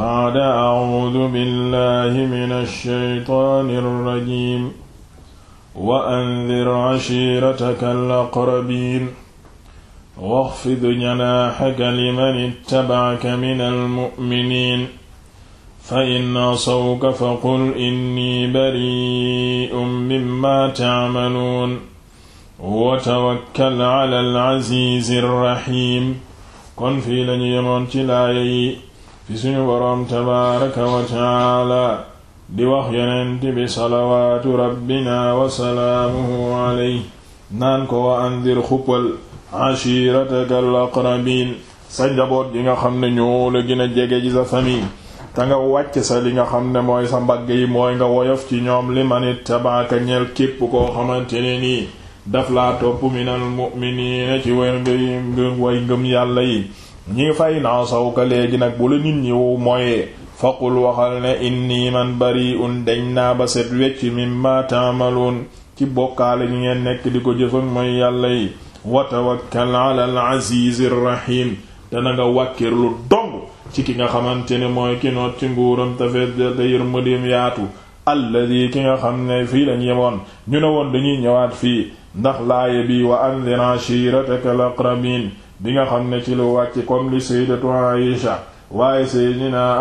baada audu billahi min alsheytaani alrajim wa andir cashiirataka alaqrabiin waxfid janaaxaka liman ittabacaka min almuminiin fa in asawka faqul inni bari'un mimma tacmaluun wa tawakkal cala alaziizi alraxiim kon fii lañu yemoon ci laaya yi ci suñu boroom tabaaraka wa taala di wax yonent bi salawaatu rabbina wa salaamuhu alayhi naan ko wa andir xuppal ashirataka al sa njaboot yi nga xam ne ñoo la gën a jege ci sa famille te nga wàcc sa li nga xam ne mooy sa mbagg yi mooy nga woyof ci ñoom li man ittabaaka ñeel képp koo xamante nii daf laa topp minal mu'miniina ci way ngëm yàlla yi ñi fay naa sawka léegi nag bu la nit ñi wu mooyee faqul waxal ne inni man bari'un dañ naa ba set wecc mimma taamaloon ci bokkaale gi ngeen nekk di ko jëfak mooy yàlla yi wa tawakkal ala al-aziz ar-rahim dana nga wàkkir lu dong ci ki nga xamante ne mooy ki noot ci nguuram tafet da yërmandeem yaatu alladi ki nga xam ne fii lañ yemoon ñu ne woon dañuy ñëwaat fii ndax laaya bi wa anzir ashirataka al-aqrabin bi nga xam ne ci lu wàcc comme li sayyidatu Aïsha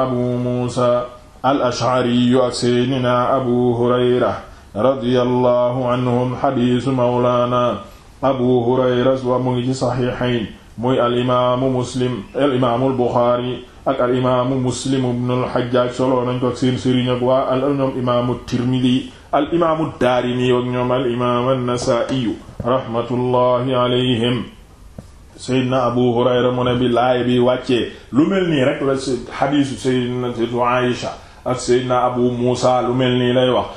abu muusa al ashariyu ak seydinaa abu hurayra radiyallahu anhum xadiisu mawlaana abu hurayra wa mu ngi ci saxiixayn muy al imaamu muslim al imaamu al buxaari ak al imaamu muslim ibnu al xajjaaj solo nañ ko ak seen sëriñ ak waa al ñoom imaamu tirmidi al imaamu al imaamu an nasaa'iyu Seydina Abu Hurayra mu ne bi laay bi wàccee lu mel nii rek la xadiisu Seydinatu Abu Muusa lu mel nii lay wax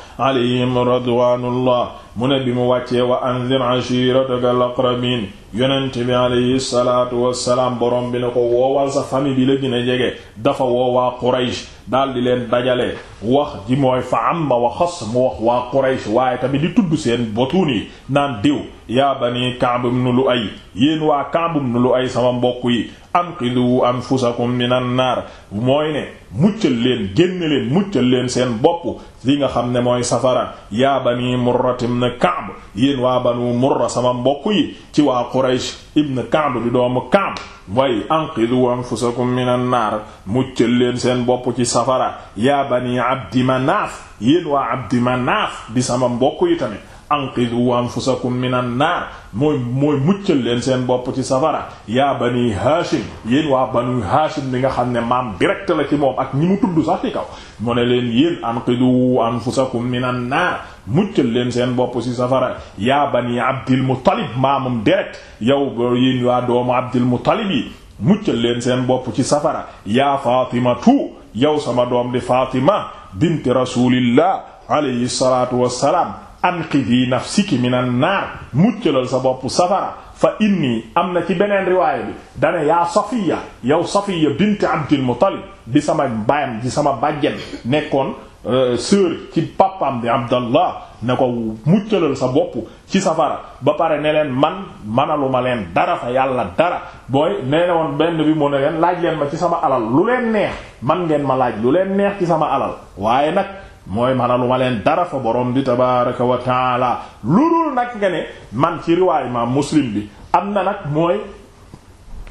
mu ne bi mu wàccee wa anzir ashirataka al-aqrabin yonent bi alayhi salaatu wassalaam borom bi ne ko woowal sa famille bi la gën jege dafa woowaa Quraysh daal di leen dajale wax ji mooy fa amma wa xas mu wax waa Quraysh waaye tamit di tudd seen botuun yi naan diw yaa bani Ka'b ibn ay yéen waa Ka'b ibn ay sama mbokk yi anqidu anfusakum minan naar mooy ne muccal leen génn leen muccal leen seen bopp li nga xam ne mooy safara yaa bani Murra ibn Ka'b yéen waa banu Murra sama mbokk yi ci waa Quraysh ibn Ka'b di doomu Ka'b way anqidu anfusakum minan naar muccal leen seen bopp ci safara yaa bani abdi manaaf yéen waa abdi manaaf di sama mbokk yi tamit anqidu anfusakum minan naar mooy mooy muccal leen seen bopp ci safara yaa bani haashim yéen waa banu haashim bi nga xam ne maam direct la ci moom ak ñi mu tudd sax kaw mu ne leen yéen anqidu anfusakum minan naar muccal leen seen bopp ci safara yaa bani abdil muttalib maamum direct yow yéen waa doomu abdil muttalib yi muccal leen seen bopp ci safara yaa faatimatu yow sama doom di Fatima bint rasulillah alayhi salaatu wassalaam anqidhi nafsiki minan naar muccalal sa bopp safara fa inni am na ci beneen riwaaya bi dane yaa safiya yow safiya bint abdil muttalib di sama baayam di sama bàjjen nekkoon euh, sœur ci papam bi abdallah ne ko muccalal sa bopp ci safara ba pare ne leen man manaluma leen dara fa yàlla dara booy nee woon benn bi mu ne laaj leen ma ci sama alal lu leen neex man ngeen ma laaj lu leen neex ci sama alal waaye nag mooy manaluma leen dara fa borom di tabaraka wa taala lu dul nag nga ne man ci riwaay ma muslim bi am na nag mooy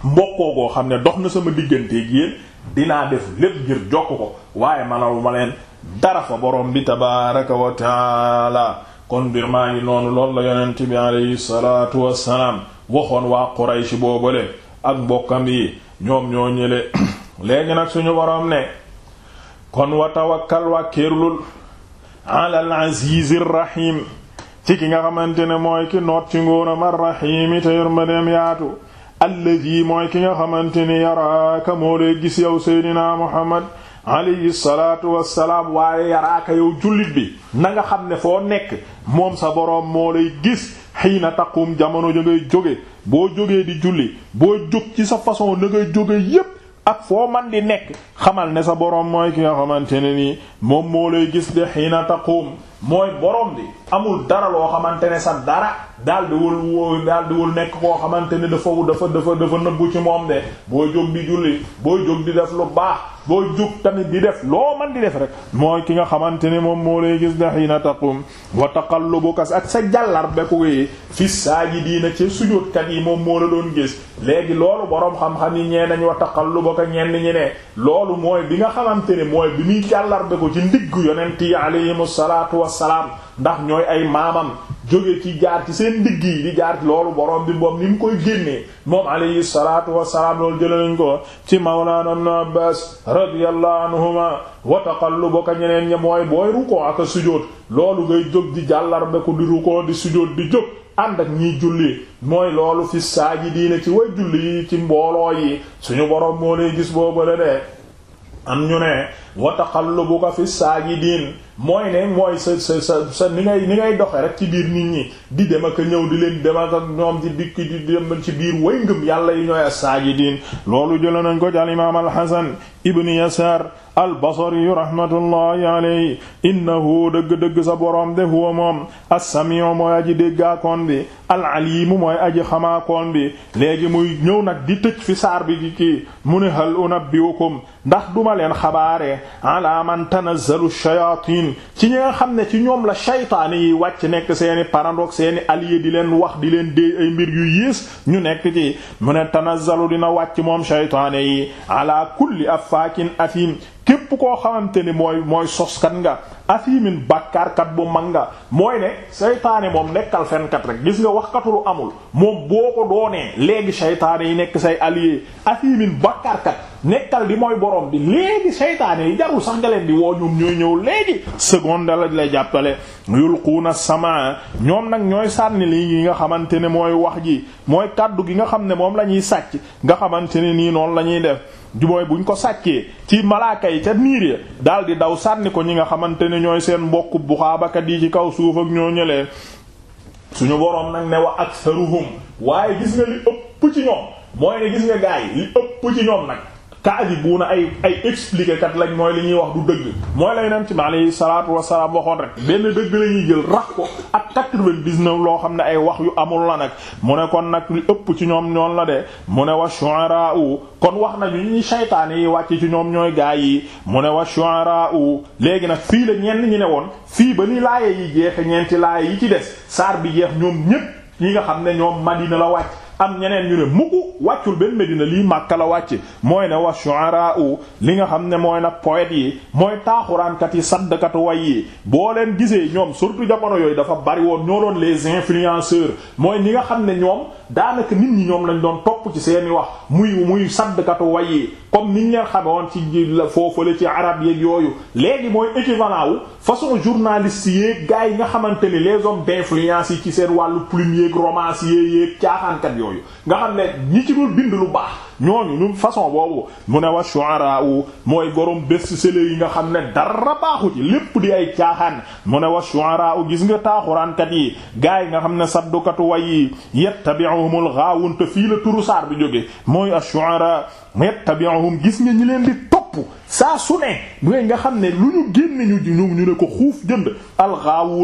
mbokkoo goo xam ne dox na sama digganteeg yéen dinaa def lépp ngir jokk ko waaye manaluma leen dara fa borom bi tabaraka wa taala kon mbir maa noonu loolu la yonent bi alayhi salatu wassalaam waxoon waa Quraysh boobale ak mbokkam yi ñoom ñoo ñële léegi nag suñu borom ne kon wa tawakkal wàkkiirlul alal azizir rahim ci ki nga xamante ne mooy ki noot ci nguuram arrahimi te yërmandeem yaatu mooy ki nga xamante ni yaraaka moo lay gis yow seydina muhammad alayhi salaatu wassalaam waaye yaraaka yow jullit bi na nga xam ne foo nekk moom sa boroom moo lay gis xiina takkum jamono ja ngay jóge boo jógee di julli boo jóg ci sa façon na ngay jóge yépp ak foo man di nekk xamal ne sa boroom mooy ki nga xamante ne nii moom moo lay gis de xiina taquum mooy boroom bi amul dara loo xamante ne sa dara daal di wul woo wul nekk koo xamante ne dafa dafa dafa dafa nëbbu ci moom de boo jóg di julli boo jóg di def lu baax boo jóg tamit di def loo man di def rek mooy ki nga xamante ne moom moo lay gis na xiina taqum wa taqallubuka ak sa jàllar beku yi fi saajidiina ci sujóotkat yi moom moo la doon gis léegi loolu boroom xam-xam yi ñee nañ wa taqallubuka ñenn ñi ne loolu mooy bi nga xamante ne mooy bi muy jàllar beku ci ndigg yonent yi alayhimu salaatu salaam ndax ñooy ay maamam jóge ci jaar ci seen digg yi di jaar ci loolu borom bi moom ni mu koy génnee moom alayhi salaatu wasalaam loolu jële nañ ko ci mawlaana ibn Abbaas radiyallahu anhuma wa taqallubuka ñeneen ña mooy booy rukkoo ak sujóot loolu ngay jóg di jàllarbeku di rukkoo di sujóot di jóg ànd ak ñiy julli mooy loolu fi saajidiina ci way julli yi ci mbooloo yi suñu borom moo lay gis boobu la am ñu ne wa taqallubuka fi saajidiin mooy ne mooy sa sa sa sa ni ngay ni doxe rek ci biir nit ñi di dem ak ñëw di leen dem ak ñoom di dikk di dem ci biir way ngëm yàlla yi ñooy as-saajidiin loolu jëla nañ ko ci al-imaam al-Hasan ibn Yasaar al-Basri rahmatullahi alayhi innahu dëgg-dëgg sa borom de huwa moom as-sami'u mooy aji déggaakoon bi al-aliimu mooy aji xamaakoon bi léegi muy ñëw nag di tëj fi saar bi gi kii mu ne hal unabbiukum ndax duma leen xabaare ala man tanazzalu shayatin ci ñi nga xam ne ci ñoom la shaytaan yi wàcc nekk seeni parandox seeni allié di leen wax di leen déey ay mbir yu yées ñu nekk ci mu ne tanazzalu dina wàcc moom shaytaane yi ala kulli affaakin athim képp koo xamante ni mooy mooy soskat nga afimin bàkkaarkat bu mag nga mooy ne seytaane moom nekkal fenkat rek gis nga waxkatu lu amul moom boo ko doonee léegi seytaane yi nekk say allié afimin bàkkaarkat nekkal di mooy borom bi léegi seytaane yi jarul sax nga leen di woo ñoom ñooy ñëw léegi seconde la lay jàppale yulquuna samaa ñoom nag ñooy sànni lii nga xamante ne mooy wax ji mooy kàddu gi nga xam ne moom la ñuy sàcc nga xamante ne nii noonu la ñuy def bu buñ ko sàccee ci malaaka yi ca niir ya daal di daw sànni ko ñi nga xamante ne ñooy seen mbokk bu xaabakat yi ci kaw suuf ak ñoo ñëlee suñu boroom nag ne wa aksaruhum waaye gis nga li ëpp ci gis nga li ëpp ci ñoom nag na ay ay expliquer kat lañ mooy li ñuy wax du dëgg mooy la yonent bi alayhi salaatu wasalaam waxoon rek benn dëgg la ñuy jël rax ko ak quatre vingt dix loo xam ne ay wax yu amul la nag mu ne kon nag li ëpp ci ñoom ñoon la de mu ne wa kon wax nañu ñi saytaane yi wàcc ci ñoom ñooy gaa yi mu ne wa léegi nag fii la ñenn ñi ne woon fii ba ni laaye yi jeexe ñeenti laaye yi ci des saar bi jeex ñoom ñépp ñi nga xam ne ñoom Madina la wàcc am ñeneen ñu ne mukk wàccul benn Medina lii Makka la wàcc mooy ne wa shu'ara li nga xam ne mooy nag poètes yi mooy taaxuraankat yi saddkatu way yi boo leen gisee ñoom surtout jamono yooyu dafa bari woon ñoo doon les influenceurs mooy ñi nga xam ne ñoom daanaka nit ñi ñoom lañ doon topp ci seeni wax muy muy saddkatu way yi comme niñ leen xame woon ci foofale ci arab yi yooyu léegi mooy équivalent wu façon journaliste yeeg gars yi nga xamante ni les hommes d'influence yi ci seen wàllu plume yeeg romancier yeeg caaxaankat yooyu yooyu nga xam ne ñi ci dul bind lu baax ñooñu ñun façon boobu mu ne wa shu'ara mooy gorom best-seller yi nga xam ne dara baaxu ci lépp di ay caaxaan mu ne wa shu'ara gis nga taaxuraankat yi gars yi nga xam ne saddukatu way yi yattabi'uhumul ghaawun te fii la turu saar bi jóge mooy ash-shu'ara yattabi'uhum gis nga ñi leen di saa su ne mooy nga xam ne lu ñu génn ñu ñu ñu ne ko xuuf jënd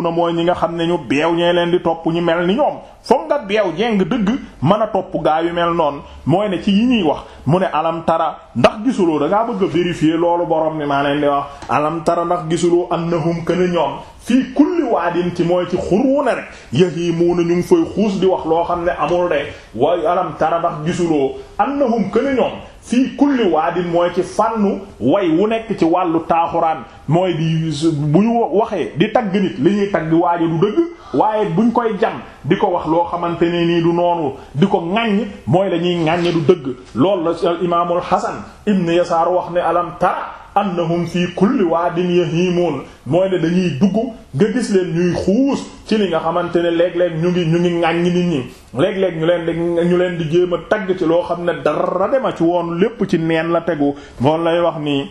na mooy ñi nga xam ne ñu beew ñee leen di topp ñu mel ni ñoom foog nga beew jeng dëgg mën a topp gaa yu mel noonu mooy ne ci yi ñuy wax mu ne alam tara ndax gisuloo da ngaa bëgg a loolu borom ni maa leen wax alam tara ndax gisuloo annahum kana ñoom fii kulli waadin ci mooy ci xuruuna rek yahimuuna ñu ngi fay xuus di wax loo xam ne amul de waaye alam tara ndax gisuloo annahum kana ñoom fii kulli waadin mooy ci fànnu way wu nekk ci wàllu taaxuraan mooy di bu ñu waxee di tagg nit li ñuy tagg waaja du dëgg waaye buñ koy jam di ko wax loo xamante ne nii du noonu di ko ŋàññ mooy la ñuy ŋàññe du dëgg loolu la al imaamul Hasan ibn Yasaar wax ne alam tara annahum fii kulli waadin yahimun mooy ne dañuy dugg nga gis leen ñuy xuus ci li nga xamante ne léeg-léeg ñu ngi ñu ngi ŋàññ nit ñi léeg-léeg ñu leen di ñu leen di jéem a tagg ci loo xam ne dara dema ci woon lépp ci neen la tegu moom lay wax nii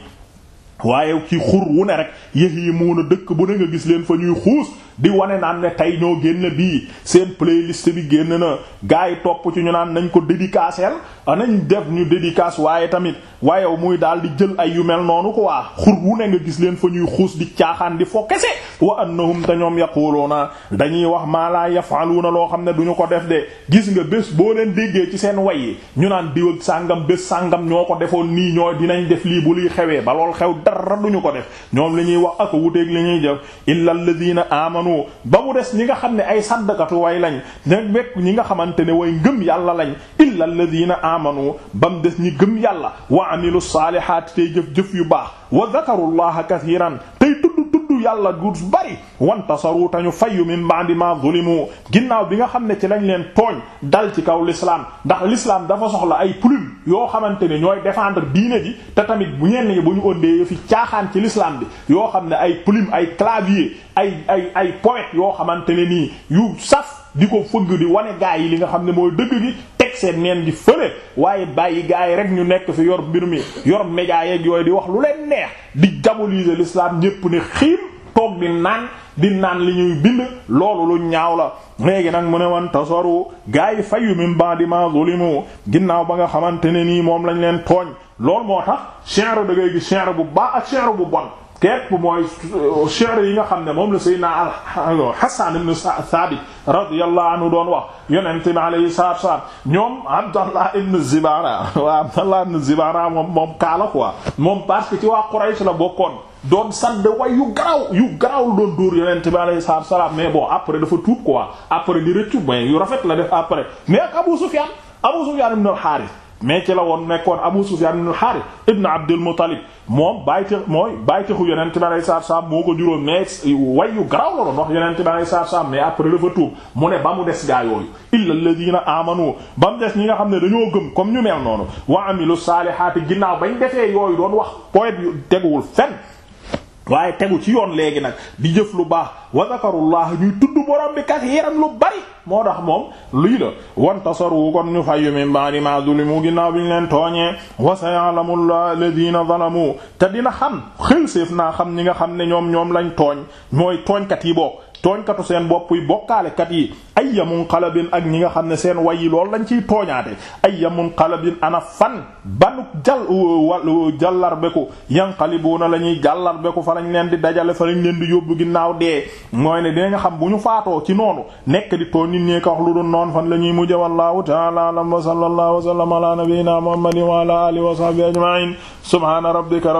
waaye ci xur wu ne rek yahimuuna dëkk bu ne nga gis leen fa ñuy xuus di wane naan ne tey ñoo génn bii seen playlist bi génn na gars yi topp ci ñu naan nañ ko a anañ def ñu dédicace waaye tamit waaye muy daal di jël ay yu mel noonu ko waa xur wu ne nga gis leen fa ñuy xuus di caaxaan di fo kese wa annahum te ñoom yaquluuna dañuy wax maa laa na loo xam ne duñu ko def de gis nga bés boo leen déggee ci seen way yi ñu naan diw sàngam bés sàngam ñoo ko defoon nii ñoo dinañ def lii bu luy xewee ba lool xew dara duñu ko def ñoom li ñuy wax ak wuteeg li ñuy def amanu ba mu des ñi nga xam ne ay saddakatu way lañ nag bekk ñi nga xamante ne way ngëm yàlla lañ illa alladina amanu ba mu des ñi gëm yàlla wa amilu saalihaati tey jëf-jëf yu baax wa zakarullaha kathiran tey yàlla gu bari wantasaru tañu fayyu min ba'di ma zulimu ginnaaw bi nga xam ne ci lañ leen tooñ dal ci kaw l'islam ndax l'islam dafa soxla ay plume yoo xamante ne ñooy défendre diine ji te tamit bu ñenn ñi bu ñu ëndee fi caaxaan ci l'islam bi yoo xam ne ay plume ay clavier ay ay ay poète yoo xamante ne nii yu saf di ko fëgg di wane gaa yi li nga xam ne mooy dëgg gi teg seen neen di fële waaye bàyyi gaa yi rek ñu nekk fi yor mbir mi yor média yeeg di wax lu neex di diaboliser l'islam ñépp toog di naan di naan li ñuy bind loolu lu ñaaw la léegi nag mu ne wan tasaru gaa yi fayu min ba'di ma zulimu ginnaaw ba nga xamante ne nii moom lañ leen tooñ lool moo tax shi'ru da ngay gis shi'ru bu baax ak shi'ru bu bon képp mooy euh, shi'r yi nga xam ne moom la Seydina al-Hasan euh, ibn Saabit radiyallahu anhu doon wax yonent bi alayhi salaatu salaam ñoom Abdallah ibn Zibara waa Abdallah ibn Zibara moom moom kaala quoi moom parce que ci waa Quraysh la bokkoon doon sàdd way yu garaaw yu garaaw la doon dóor yonent bi alayhi salaam mais bon après dafa tuub quoi après di rëccu yu rafet la def après mais ak Abu Sufyan Abu Sufyan ibn al-Harith mais ci la woon nekkoon Abu Sufyan ibn al-Harith ibn Abdul Muttalib moom bàyyi tax mooy bàyyi taxu yonent bi alayhi salaatu wa salaam moo ko juróom mais way yu garaaw la doon wax yonent bi alayhi salaatu wa salaam mais après dafa tuub mu ne ba mu des gaa yooyu illa alladhina amanu ba mu des ñi nga xam ne dañoo gëm comme ñu mel noonu wa amilu saalihaati ginnaaw bañ defee yooyu doon wax poète yu teguwul waaye tegu ci yoon léegi nag di jëf lu baax wa zakarullah ñuy tudd borom bi kat yaram lu bari moo tax moom luy la wan tasaru kon ñu fayyu min ba'di ma mu ginnaaw bi ñu leen tooñee wa saya'lamu alladhina zalamu te dina xam xel séef naa xam ñi nga xam ne ñoom ñoom lañ tooñ mooy tooñkat yi bokk tooñkatu seen bopp yi bokkaalekat yi ayya munqalabin ak ñi nga xam ne seen way yi loolu lañ ciy tooñaate ayya munqalabin ana fan banuk jal wal jàllar beku yanqalibuuna la ñuy jàllar beku fa lañ leen di dajale fa lañ leen di yóbbu ginnaaw dee mooy ne dina nga xam bu ñu faatoo ci noonu nekk di tooñ nit ñi ko wax lu dul noonu fan la ñuy mujj wallahu ta'ala a'lam wa sallallahu wa sallama ala muhammadin wa ala alihi wa sahbihi ajma'in rabbika